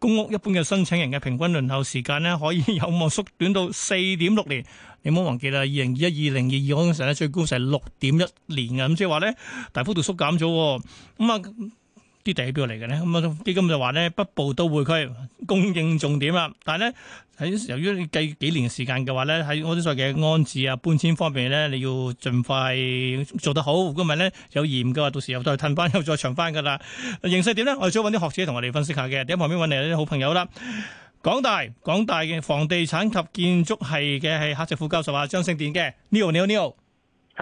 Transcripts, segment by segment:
公屋一般嘅申請人嘅平均輪候時間咧，可以有望縮短到四點六年。你唔好忘記啦，二零二一、二零二二嗰陣時咧，最高成係六點一年嘅，咁即係話咧，大幅度縮減咗。咁啊，啲地喺邊度嚟嘅咧？咁啊基金就話咧北部都會區。供應重點啦，但係咧喺由於你計幾年的時間嘅話咧，喺我啲所謂嘅安置啊、搬遷方面咧，你要盡快做得好，如果唔係咧有延嘅話，到時又再褪翻又再長翻噶啦。形勢點咧？我哋想揾啲學者同我哋分析一下嘅，喺旁邊揾嚟啲好朋友啦。港大港大嘅房地產及建築系嘅係客席副教授啊張聖典嘅 n e o n e o n e o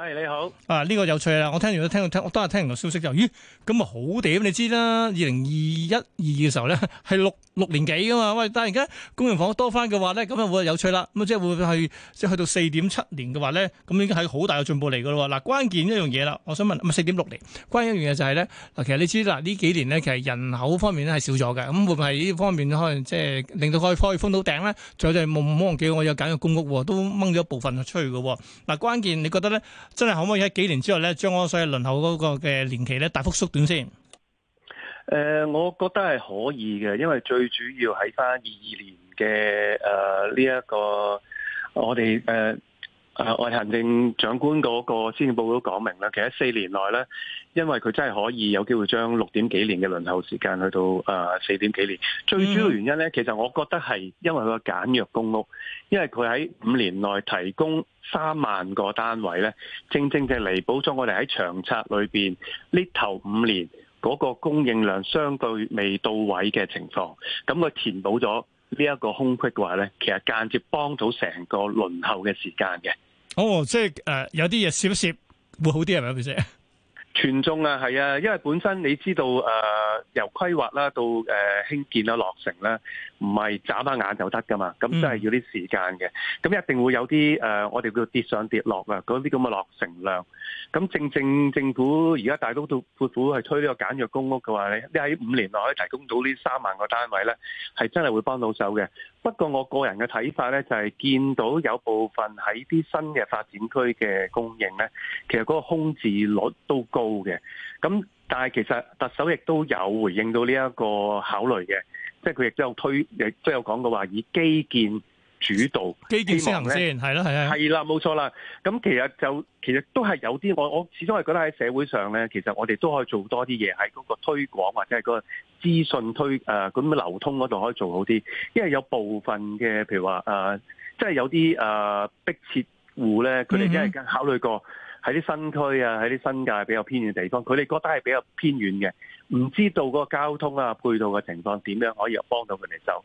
係你好，啊呢、這個有趣啦！我聽完都聽，聽，聽我都係聽完個消息，就咦咁啊好點？你知啦，二零二一二嘅時候咧係六六年幾㗎嘛喂！但係而家公營房屋多翻嘅話咧，咁啊會有趣啦！咁即係會係即係去到四點七年嘅話咧，咁已經係好大嘅進步嚟噶啦！嗱、啊，關鍵一樣嘢啦，我想問，咁四點六年？關鍵一樣嘢就係咧嗱，其實你知啦，呢幾年咧其實人口方面咧係少咗嘅，咁會唔會係呢方面可能即係令到可以可以封到頂咧？仲有就係冇忘記我有揀嘅公屋都掹咗部分出去噶。嗱、啊，關鍵你覺得咧？真係可唔可以喺幾年之後咧，將我所有輪候嗰個嘅年期咧大幅縮短先？誒、呃，我覺得係可以嘅，因為最主要喺翻二二年嘅誒呢一個我哋誒。呃誒，外行政長官嗰個施政報告都講明啦，其實四年內咧，因為佢真係可以有機會將六點幾年嘅輪候時間去到誒四點幾年。嗯、最主要原因咧，其實我覺得係因為佢個簡約公屋，因為佢喺五年內提供三萬個單位咧，正正嘅彌補咗我哋喺長策裏邊呢頭五年嗰個供應量相對未到位嘅情況。咁佢填補咗呢一個空隙嘅話咧，其實間接幫到成個輪候嘅時間嘅。哦，即係誒、呃，有啲嘢縮一縮會好啲係咪咪主席？全眾啊，係啊，因為本身你知道誒、呃，由規劃啦到誒、呃、興建啦落成啦。唔係眨下眼就得㗎嘛，咁真係要啲時間嘅。咁一定會有啲誒、呃，我哋叫做跌上跌落啊，嗰啲咁嘅落成量。咁正正政府而家大刀闊斧係推呢個簡約公屋嘅話，你喺五年內可以提供到呢三萬個單位咧，係真係會幫到手嘅。不過我個人嘅睇法咧，就係見到有部分喺啲新嘅發展區嘅供應咧，其實嗰個空置率都高嘅。咁但係其實特首亦都有回應到呢一個考慮嘅。即係佢亦都有推，亦都有講過話以基建主導，基建先行先係啦，係啊，係啦，冇錯啦。咁其實就其實都係有啲，我我始終係覺得喺社會上咧，其實我哋都可以做多啲嘢喺嗰個推廣或者係嗰個資訊推誒咁、呃、流通嗰度可以做好啲。因為有部分嘅，譬如話誒，即、呃、係、就是、有啲誒迫切戶咧，佢哋真係考慮過喺啲新區啊，喺啲新界比較偏遠嘅地方，佢哋覺得係比較偏遠嘅。唔知道嗰個交通啊、配套嘅情況點樣可以幫到佢哋就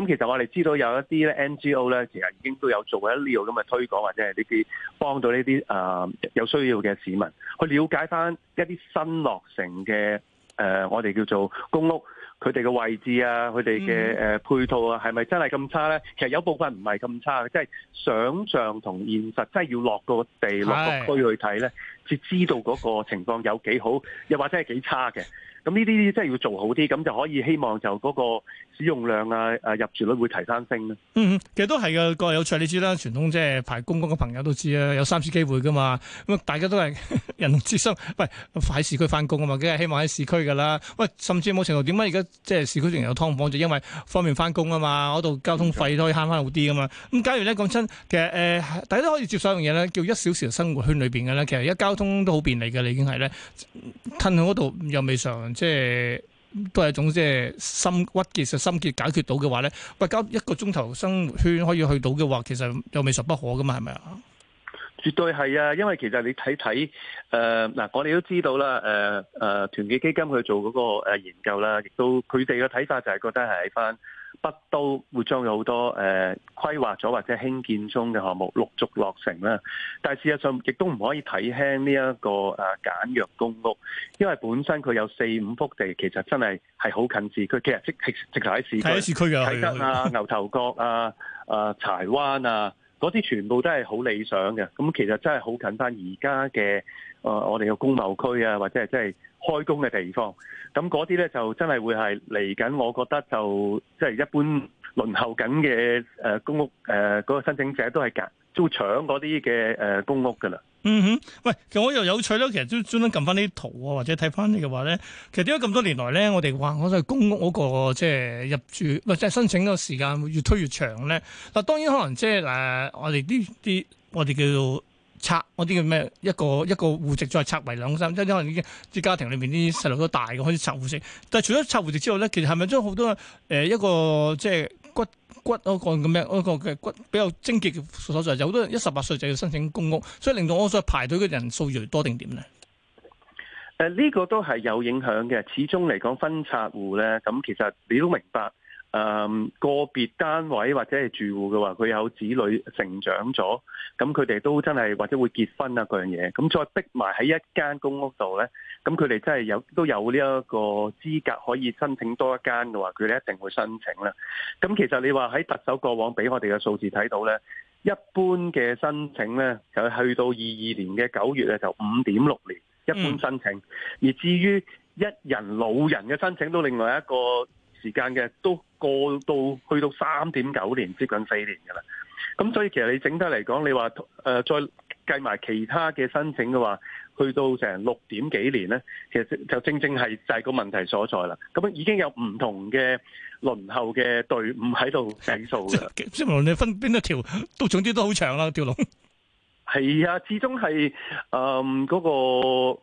咁。其實我哋知道有一啲咧 NGO 咧，其實已經都有做過一啲咁嘅推廣或者係呢啲幫到呢啲誒有需要嘅市民去了解翻一啲新落成嘅誒、呃，我哋叫做公屋佢哋嘅位置啊，佢哋嘅配套啊，係咪、嗯、真係咁差咧？其實有部分唔係咁差嘅，即係想像同現實，即係要落個地落個區去睇咧，先知道嗰個情況有幾好，又或者係幾差嘅。咁呢啲啲真係要做好啲，咁就可以希望就嗰個使用量啊、入住率會提翻升啦。嗯嗯，其實都係嘅，個有趣你知啦，傳統即係排公屋嘅朋友都知啦，有三次機會噶嘛。咁大家都係人同自身，喂快喺市區翻工啊嘛，梗係希望喺市區噶啦。喂，甚至冇程度點解而家即係市區仲有劏房，就因為方便翻工啊嘛，嗰度交通費都可以慳翻好啲噶嘛。咁錯、嗯、假如咧講真，其實、呃、大家都可以接受一樣嘢咧，叫一小時生活圈裏面嘅咧，其實而家交通都好便利嘅，你已經係咧，吞喺嗰度又未常。即係都係一種即係心鬱結嘅心結，解決到嘅話咧，喂，搞一個鐘頭生活圈可以去到嘅話，其實又未嘗不可噶嘛，係咪啊？絕對係啊，因為其實你睇睇誒，嗱、呃，我哋都知道啦，誒、呃、誒，團結基金去做嗰個誒研究啦，亦都佢哋嘅睇法就係覺得係喺翻。北都會將有好多誒、呃、規劃咗或者興建中嘅項目陸續落成啦，但係事實上亦都唔可以睇輕呢、這、一個誒、啊、簡約公屋，因為本身佢有四五幅地，其實真係係好近市區，其實直直直頭喺市區，喺市區嘅，啟德啊、牛頭角啊啊、呃、柴灣啊嗰啲全部都係好理想嘅，咁、嗯、其實真係好近翻而家嘅誒我哋嘅工貿區啊，或者係真係。開工嘅地方，咁嗰啲咧就真係會係嚟緊，我覺得就即係、就是、一般輪候緊嘅誒公屋誒嗰個申請者都係夾租搶嗰啲嘅誒公屋噶啦。嗯哼，喂，其實我又有趣咯，其實專專登撳翻呢啲圖啊，或者睇翻你嘅話咧，其實點解咁多年來咧，我哋話我哋公屋嗰、嗰個即係、就是、入住，唔係即係申請嘅時間會越推越長咧。嗱，當然可能即係誒我哋呢啲我哋叫做。拆啲叫咩？一個一個戶籍再拆為兩、三，因為已經啲家庭裏面啲細路都大嘅，開始拆戶籍。但係除咗拆戶籍之後咧，其實係咪將好多誒一個即係骨骨嗰個咁咩？嗰個嘅骨比較精結嘅所在，有好多人一十八歲就要申請公屋，所以令到我所排隊嘅人數越多定點咧？誒、呃，呢、這個都係有影響嘅。始終嚟講分拆戶咧，咁其實你都明白。誒、嗯、個別單位或者係住戶嘅話，佢有子女成長咗，咁佢哋都真係或者會結婚啊嗰樣嘢，咁再逼埋喺一間公屋度呢，咁佢哋真係有都有呢一個資格可以申請多一間嘅話，佢哋一定會申請啦。咁其實你話喺特首過往俾我哋嘅數字睇到呢，一般嘅申請呢，就去到二二年嘅九月咧就五點六年一般申請，嗯、而至於一人老人嘅申請都另外一個。時間嘅都過到去到三點九年接近四年㗎啦，咁所以其實你整體嚟講，你話誒、呃、再計埋其他嘅申請嘅話，去到成六點幾年咧，其實就正正係就係個問題所在啦。咁啊已經有唔同嘅輪候嘅隊伍喺度計數嘅，即係無論你分邊一條，都總之都好長啦、啊、條龍。係 啊，始終係誒嗰個。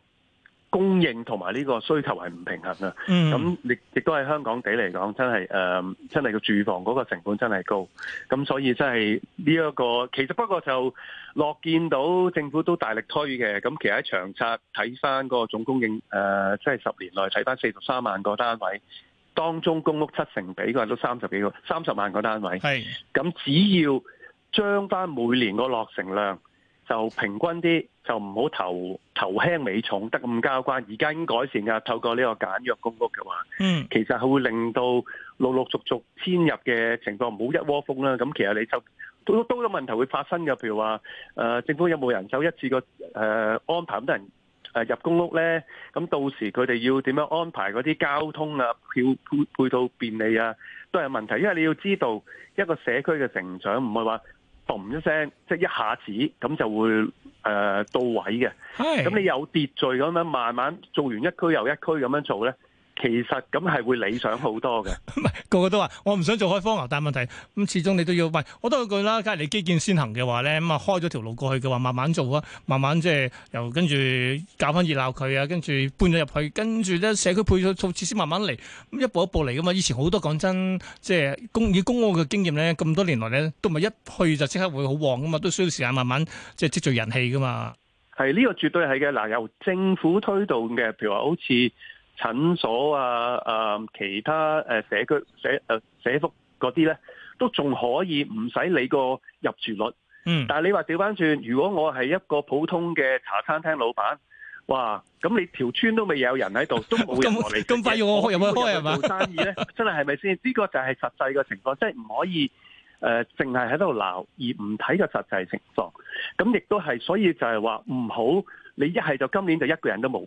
供應同埋呢個需求係唔平衡啊！咁亦、嗯、亦都喺香港地嚟講，真係誒、呃，真係個住房嗰個成本真係高。咁所以真係呢一個其實不過就樂見到政府都大力推嘅。咁其實喺長策睇翻嗰個總供應誒，即、呃、係、就是、十年內睇翻四十三萬個單位，當中公屋七成比，佢都三十幾個三十萬個單位。係咁是，咁只要將翻每年個落成量。就平均啲，就唔好頭頭輕尾重得咁交關。而家已經改善㗎，透過呢個簡約公屋嘅話，嗯，其實係會令到陸陸續續遷入嘅情況唔好一窩蜂啦。咁其實你就都都有問題會發生嘅。譬如話，誒、呃、政府有冇人手一次過誒、呃、安排咁多人入公屋咧？咁到時佢哋要點樣安排嗰啲交通啊、配套便利啊，都係問題。因為你要知道一個社區嘅成長唔係話。嘣一聲，即係一下子咁就會誒、呃、到位嘅。咁 Hey. 你有秩序咁樣，慢慢做完一區又一區咁樣做咧。其實咁係會理想好多嘅，唔係 個個都話我唔想做開荒牛，但問題咁始終你都要，喂。我都有句啦，梗係你基建先行嘅話咧，咁啊開咗條路過去嘅話，慢慢做啊，慢慢即係又跟住搞翻熱鬧佢啊，跟住搬咗入去，跟住咧社區配套措施先慢慢嚟，咁一步一步嚟噶嘛。以前好多講真，即係公以公屋嘅經驗咧，咁多年來咧都唔係一去就即刻會好旺噶嘛，都需要時間慢慢即係積聚人氣噶嘛。係呢、呢個絕對係嘅，嗱由政府推動嘅，譬如話好似。診所啊，誒、呃，其他誒社區社誒、呃、社福嗰啲咧，都仲可以唔使理個入住率。嗯。但係你話調翻轉，如果我係一個普通嘅茶餐廳老闆，哇，咁你條村都未有人喺度，都冇人同你咁快，咁快要我開有冇開啊？做生意咧，真係係咪先？呢 個就係實際嘅情況，即係唔可以誒，淨係喺度鬧而唔睇個實際情況。咁亦都係，所以就係話唔好你一係就今年就一個人都冇。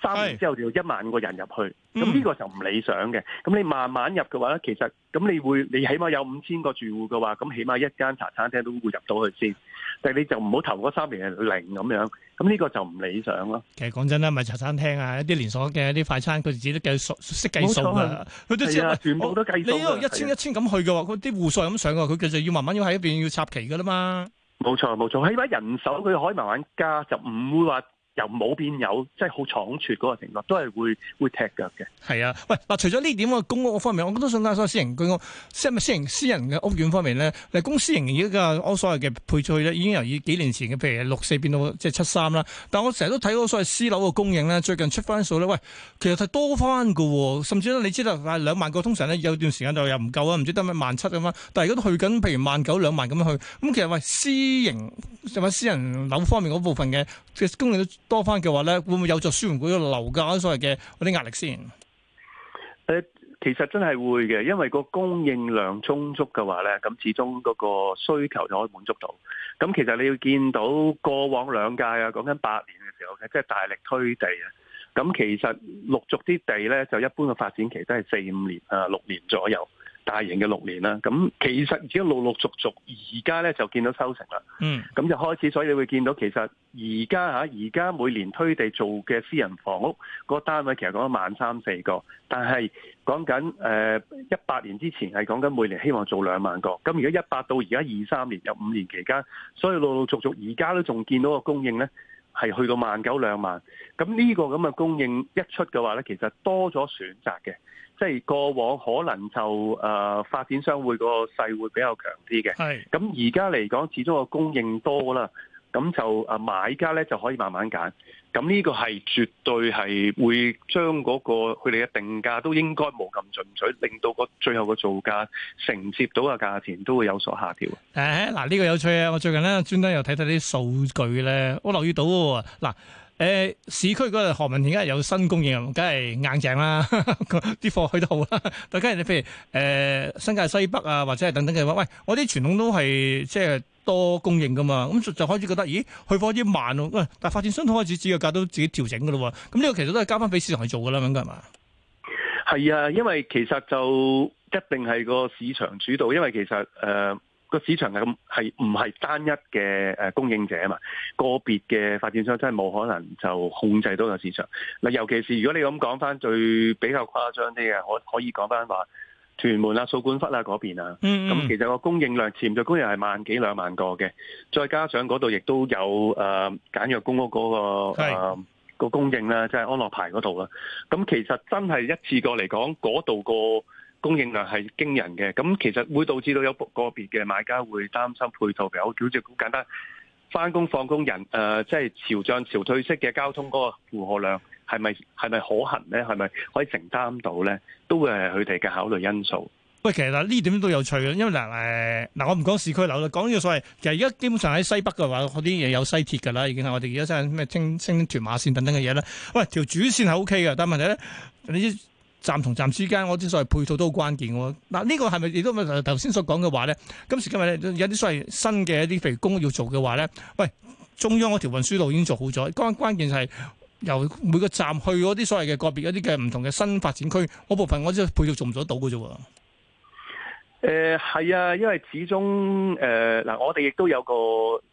三年之後就要一萬個人入去，咁呢個就唔理想嘅。咁你慢慢入嘅話咧，其實咁你會你起碼有五千個住戶嘅話，咁起碼一間茶餐廳都會入到去先。但係你就唔好投嗰三年係零咁樣，咁呢個就唔理想咯。其實講真咧，咪茶餐廳啊，一啲連鎖嘅一啲快餐，佢自己都計數識計數噶，佢都知啊，全部都計數。你呢度一千一千咁去嘅話，佢啲戶數係咁上嘅喎，佢佢就要慢慢要喺一邊要插旗㗎啦嘛。冇錯冇錯，起碼人手佢可以慢慢加，就唔會話。由冇變有，即係好倉促嗰個情況，都係會會踢腳嘅。係啊，喂，嗱，除咗呢點嘅公屋方面，我都想講下私，私，私人居屋，即係咪私人私人嘅屋苑方面咧？公私營而家我所謂嘅配對已經由以幾年前嘅譬如六四變到即係七三啦。但我成日都睇嗰所謂私樓嘅供應咧，最近出翻數咧，喂，其實係多翻嘅喎。甚至咧，你知道兩萬個通常咧有段時間就又唔夠啊，唔知得咩萬七咁樣，但係如果都去緊，譬如 1, 9, 萬九兩萬咁樣去。咁其實喂，私人私人樓方面嗰部分嘅嘅供應都。多翻嘅話呢，會唔會有著舒緩嗰嘅樓價所謂嘅嗰啲壓力先？其實真係會嘅，因為個供應量充足嘅話呢，咁始終嗰個需求就可以滿足到。咁其實你要見到過往兩屆啊，講緊八年嘅時候，即係、就是、大力推地啊。咁其實陸續啲地呢，就一般嘅發展期都係四五年啊，六年左右。大型嘅六年啦，咁其實已經陸陸續續而家咧就見到收成啦，嗯，咁就開始，所以你會見到其實而家吓，而家每年推地做嘅私人房屋個單位，其實講萬三四個，但係講緊誒一八年之前係講緊每年希望做兩萬個，咁而家一八到而家二三年有五年期間，所以陸陸續續而家都仲見到個供應咧係去到萬九兩萬，咁呢個咁嘅供應一出嘅話咧，其實多咗選擇嘅。即係過往可能就誒、呃、發展商會個勢會比較強啲嘅，係，咁而家嚟講，始終個供應多啦，咁就誒買家咧就可以慢慢揀。咁呢個係絕對係會將嗰、那個佢哋嘅定價都應該冇咁進取，令到個最後個造價承接到嘅價錢都會有所下調。誒嗱、欸，呢、這個有趣啊！我最近咧專登又睇睇啲數據咧，我留意到嗱。誒、呃，市區嗰度何文田而家有新供應，梗係硬淨啦。啲貨去得好啦。但係，假如你譬如誒、呃、新界西北啊，或者係等等嘅話，喂，我啲傳統都係即係多供應噶嘛。咁就，就開始覺得，咦，去貨啲慢喂、啊，但係發展商開始自己個價都自己調整噶啦。咁呢個其實都係交翻俾市場去做噶啦，咁噶係嘛？係啊，因為其實就一定係個市場主導。因為其實誒。呃個市場係咁，係唔係單一嘅誒供應者啊嘛？個別嘅發展商真係冇可能就控制到個市場。嗱，尤其是如果你咁講返最比較誇張啲嘅，可可以講返話屯門啊、掃管笏啊嗰邊啊，咁、嗯嗯、其實個供應量潛在供應係萬幾兩萬個嘅，再加上嗰度亦都有誒、呃、簡約公屋嗰個誒供應啦，即係安樂牌嗰度啦。咁其實真係一次過嚟講，嗰度個供應量係驚人嘅，咁其實會導致到有個別嘅買家會擔心配套嘅，或者好簡單，翻工放工人，誒，即係潮漲潮退式嘅交通嗰個負荷量係咪係咪可行咧？係咪可以承擔到咧？都會係佢哋嘅考慮因素。喂，其實啦，呢點都有趣嘅，因為嗱，誒，嗱，我唔講市區樓啦，講呢個所謂，其實而家基本上喺西北嘅話，嗰啲嘢有西鐵㗎啦，已經係我哋而家先咩清清屯馬線等等嘅嘢咧。喂，條主線係 OK 嘅，但問題咧，你？站同站之間，我啲所謂配套都好關鍵嘅。嗱，呢個係咪亦都咪頭先所講嘅話咧？今時今日咧，有啲所謂新嘅一啲肥工要做嘅話咧，喂，中央嗰條運輸路已經做好咗，關關鍵就係由每個站去嗰啲所謂嘅個別一啲嘅唔同嘅新發展區，嗰部分我就配套做唔到到嘅啫。誒、呃，係啊，因為始終誒嗱，我哋亦都有個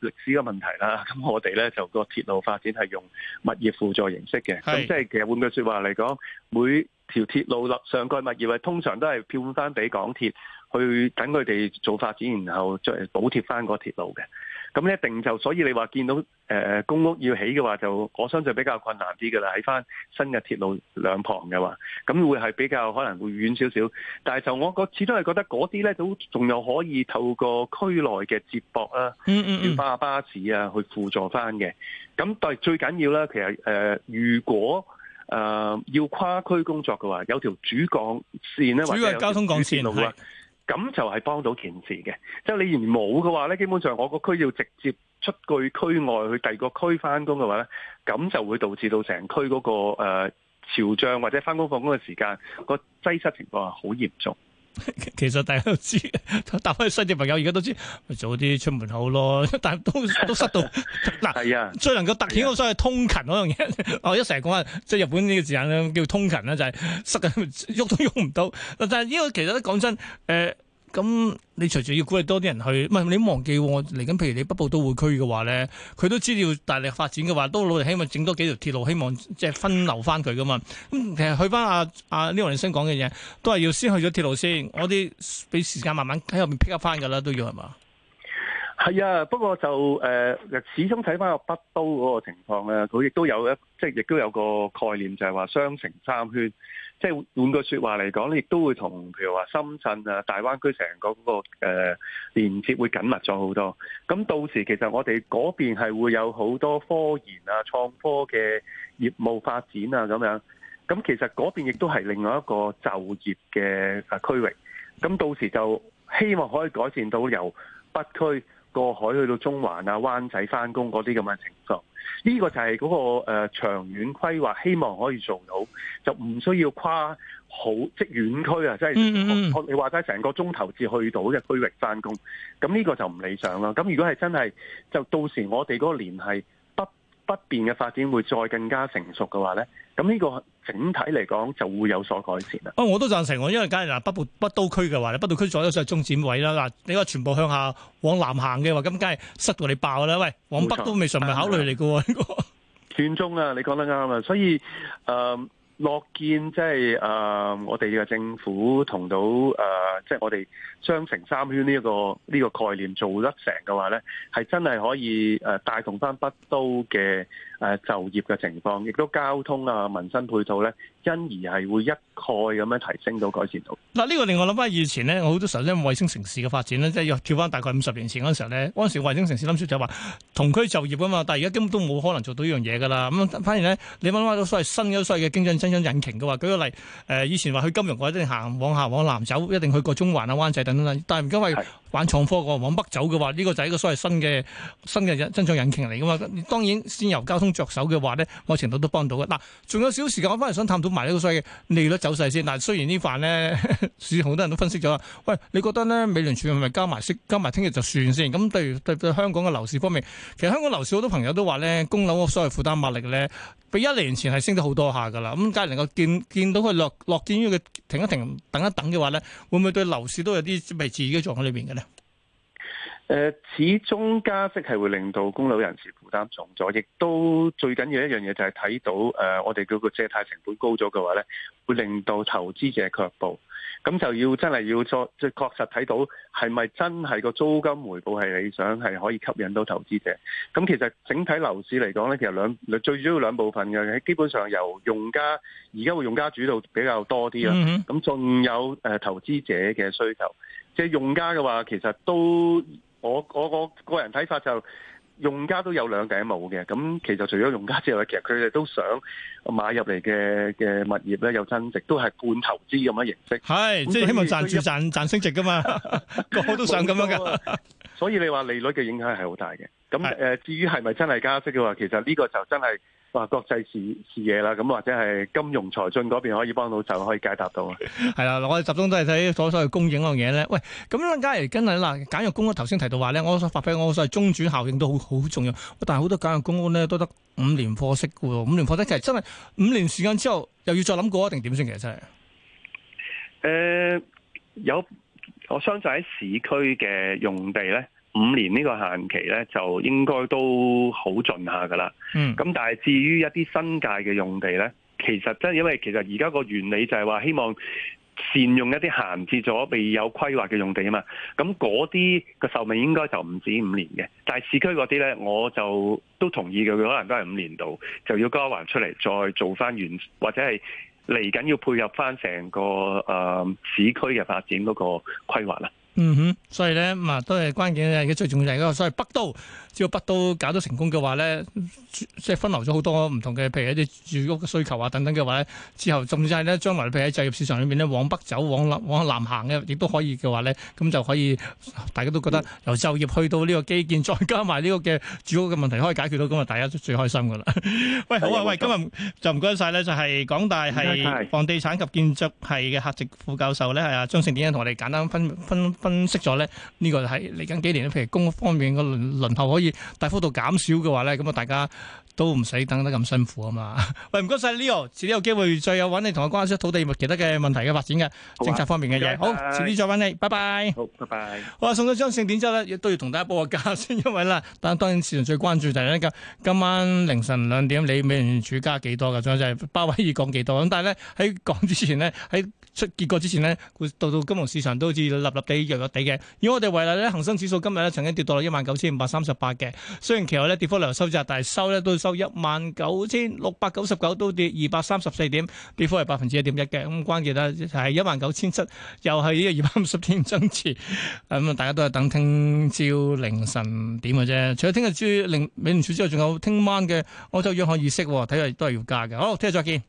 歷史嘅問題啦。咁我哋咧就個鐵路發展係用物業輔助形式嘅，咁即係其實換句話說話嚟講，每條鐵路立上蓋物業啊，通常都係票翻俾港鐵，去等佢哋做發展，然後再補貼翻個鐵路嘅。咁一定就，所以你話見到誒、呃、公屋要起嘅話就，就我相信比較困難啲噶啦。喺翻新嘅鐵路兩旁嘅話，咁會係比較可能會遠少少。但係就我個始終係覺得嗰啲咧都仲有可以透過區內嘅接駁啦，嗯嗯、mm，hmm. 巴巴士啊去輔助翻嘅。咁但係最緊要啦，其實誒、呃、如果。誒、呃，要跨區工作嘅話，有條主幹線咧，主要係交通幹線，係咁的就係幫到件事嘅。即、就、係、是、你而冇，嘅話咧，基本上我個區要直接出具區外去第二個區翻工嘅話咧，咁就會導致到成區嗰個誒、呃、潮漲或者翻工放工嘅時間個擠塞情況係好嚴重。 其實大家都知，搭返西鐵朋友而家都知道，咪早啲出門口咯。但係都都塞到，嗱， 最能夠凸顯嗰個所謂通勤嗰樣嘢。我、哦、一成日講話，即、就、係、是、日本呢個字眼咧，叫通勤啦，就係、是、塞緊，喐都喐唔到。但係呢個其實都講真，誒、呃。咁你隨住要鼓勵多啲人去，唔係你忘記我嚟緊。譬如你北部都會區嘅話咧，佢都知道要大力發展嘅話，都努力希望整多幾條鐵路，希望即係分流翻佢噶嘛。咁其實去翻阿阿呢黃先生講嘅嘢，都係要先去咗鐵路先，我啲俾時間慢慢喺後面 pick up 翻噶啦，都要係嘛？係啊，不過就誒、呃，始終睇翻個北都嗰個情況咧，佢亦都有一即係亦都有個概念，就係、是、話雙城三圈。即係換句說話嚟講，你亦都會同譬如話深圳啊、大灣區成個嗰個誒連接會緊密咗好多。咁到時其實我哋嗰邊係會有好多科研啊、創科嘅業務發展啊咁樣。咁其實嗰邊亦都係另外一個就業嘅誒區域。咁到時就希望可以改善到由北區。過海去到中環啊、灣仔翻工嗰啲咁嘅情況，呢、這個就係嗰、那個誒、呃、長遠規劃，希望可以做到，就唔需要跨好即係遠區啊，即係、就是嗯嗯嗯、你話齋成個鐘頭至去到嘅區域翻工，咁呢個就唔理想啦。咁如果係真係，就到時我哋嗰個聯繫。北邊嘅發展會再更加成熟嘅話咧，咁呢個整體嚟講就會有所改善啦。哦，我都讚成，我因為梗係嗱，北部北都區嘅話咧，北都區再有晒中展位啦。嗱，你話全部向下往南行嘅話，咁梗係塞到你爆啦。喂，往北都未純係考慮嚟㗎喎，呢個全中啊，你講得啱啊，所以誒。呃樂見即係誒，我哋嘅政府同到誒，即、呃、係、就是、我哋雙城三圈呢、這、一個呢、這個概念做得成嘅話咧，係真係可以誒帶動翻北都嘅誒、呃、就業嘅情況，亦都交通啊、民生配套咧，因而係會一。概咁樣提升到改善到嗱，呢個令我諗翻以前咧，好多時候因為，衛星城市嘅發展咧，即係要跳翻大概五十年前嗰陣時候咧，嗰陣時衛星城市諗住就係話同區就業噶嘛，但係而家根本都冇可能做到樣呢樣嘢㗎啦。咁反而咧，你揾翻到所謂新嘅優勢嘅經濟增長引擎嘅話，舉個例，誒、呃、以前話去金融嗰啲一定行往下往南走，一定去過中環啊、灣仔等等，但係唔因為玩創科個往北走嘅話，呢、這個就係一個所謂新嘅新嘅增長引擎嚟㗎嘛。當然先由交通着手嘅話咧，某程度都幫到嘅。嗱，仲有少時間，我翻嚟想探討埋呢個所謂嘅利率。走勢先，但係雖然呢飯咧，市好多人都分析咗。喂，你覺得咧美聯儲係咪加埋息，加埋聽日就算先？咁，於對對香港嘅樓市方面，其實香港樓市好多朋友都話咧，供樓所謂負擔壓力咧，比一年前係升得好多下㗎啦。咁梗係能夠見見到佢落落見於佢停一停，等一等嘅話咧，會唔會對樓市都有啲未知嘅狀況喺裏面嘅咧？誒，始終加息係會令到供樓人士負擔重咗，亦都最緊要一樣嘢就係睇到誒、呃，我哋叫個借貸成本高咗嘅話咧，會令到投資者卻步，咁就要真係要再即係確實睇到係咪真係個租金回報係理想係可以吸引到投資者。咁其實整體樓市嚟講咧，其實兩最主要兩部分嘅，基本上由用家而家會用家主導比較多啲啦，咁仲有誒、呃、投資者嘅需求，即係用家嘅話其實都。我我我個人睇法就用家都有兩頂帽嘅，咁其實除咗用家之外，其實佢哋都想買入嚟嘅嘅物業咧有增值，都係半投資咁嘅形式，係是即係希望賺住以賺,賺,賺,賺升值噶嘛，個個 都想咁樣嘅、啊，所以你話利率嘅影響係好大嘅，咁是至於係咪真係加息嘅話，其實呢個就真係。話國際視視野啦，咁或者係金融財政嗰邊可以幫到就可以解答到啊。係啦，我哋集中都係睇所所謂供應嗰樣嘢咧。喂，咁樣梗係跟啊嗱，簡約公屋頭先提到話咧，我所發揮我所謂中轉效應都好好重要，但係好多簡約公屋咧都得五年貨息嘅喎，五年貨息其實真係五年時間之後又要再諗過一定點先其實真係。誒、呃，有我相信喺市區嘅用地咧。五年呢個限期咧，就應該都好盡下噶啦。咁、嗯、但係至於一啲新界嘅用地咧，其實即係因為其實而家個原理就係話希望善用一啲閒置咗未有規劃嘅用地啊嘛。咁嗰啲個壽命應該就唔止五年嘅。但係市區嗰啲咧，我就都同意嘅，佢可能都係五年度就要交還出嚟，再做翻原，或者係嚟緊要配合翻成個、呃、市區嘅發展嗰個規劃啦。嗯哼，所以咧，啊都係關鍵咧。而家最重要係嗰個，所謂北都只要北都搞到成功嘅話咧，即係分流咗好多唔同嘅，譬如一啲住屋嘅需求啊等等嘅話咧，之後甚至係咧將來譬如喺就業市場裏面咧往北走、往往南行嘅，亦都可以嘅話咧，咁就可以大家都覺得由就業去到呢個基建，再加埋呢個嘅住屋嘅問題可以解決到，咁啊大家最最開心噶啦。喂，好啊，哎、呀喂，嗯、哼今日就唔該晒咧，就係、是、港大係房地產及建築系嘅客席副教授咧，係啊張聖典同我哋簡單分分。分析咗咧，呢、這個係嚟緊幾年譬如公屋方面個輪輪候可以大幅度減少嘅話咧，咁啊大家都唔使等得咁辛苦啊嘛。喂，唔該晒 Leo，遲啲有機會再有揾你和，同我關心土地物其他嘅問題嘅發展嘅、啊、政策方面嘅嘢。拜拜好，遲啲再揾你，拜拜。好，拜拜。好啊，送咗張聖典之後咧，亦都要同大家報個價先，因為啦，但係當然市場最關注就係呢個今晚凌晨兩點，你美聯儲加幾多仲有就係巴威爾講幾多。咁但係咧喺講之前呢。喺。出結果之前呢，到到金融市場都好似立立地弱弱地嘅。以我哋為例咧，恒生指數今日咧曾經跌到落一萬九千五百三十八嘅。雖然其後咧跌幅量收窄，但係收咧都收一萬九千六百九十九，都跌二百三十四點，跌幅係百分之一點一嘅。咁關鍵啦就係一萬九千七，又係呢個二百五十點增持。咁啊，大家都係等聽朝凌晨點嘅啫。除咗聽日豬令美聯儲之外，仲有聽晚嘅歐洲央行議息，睇嚟都係要加嘅。好，聽日再見。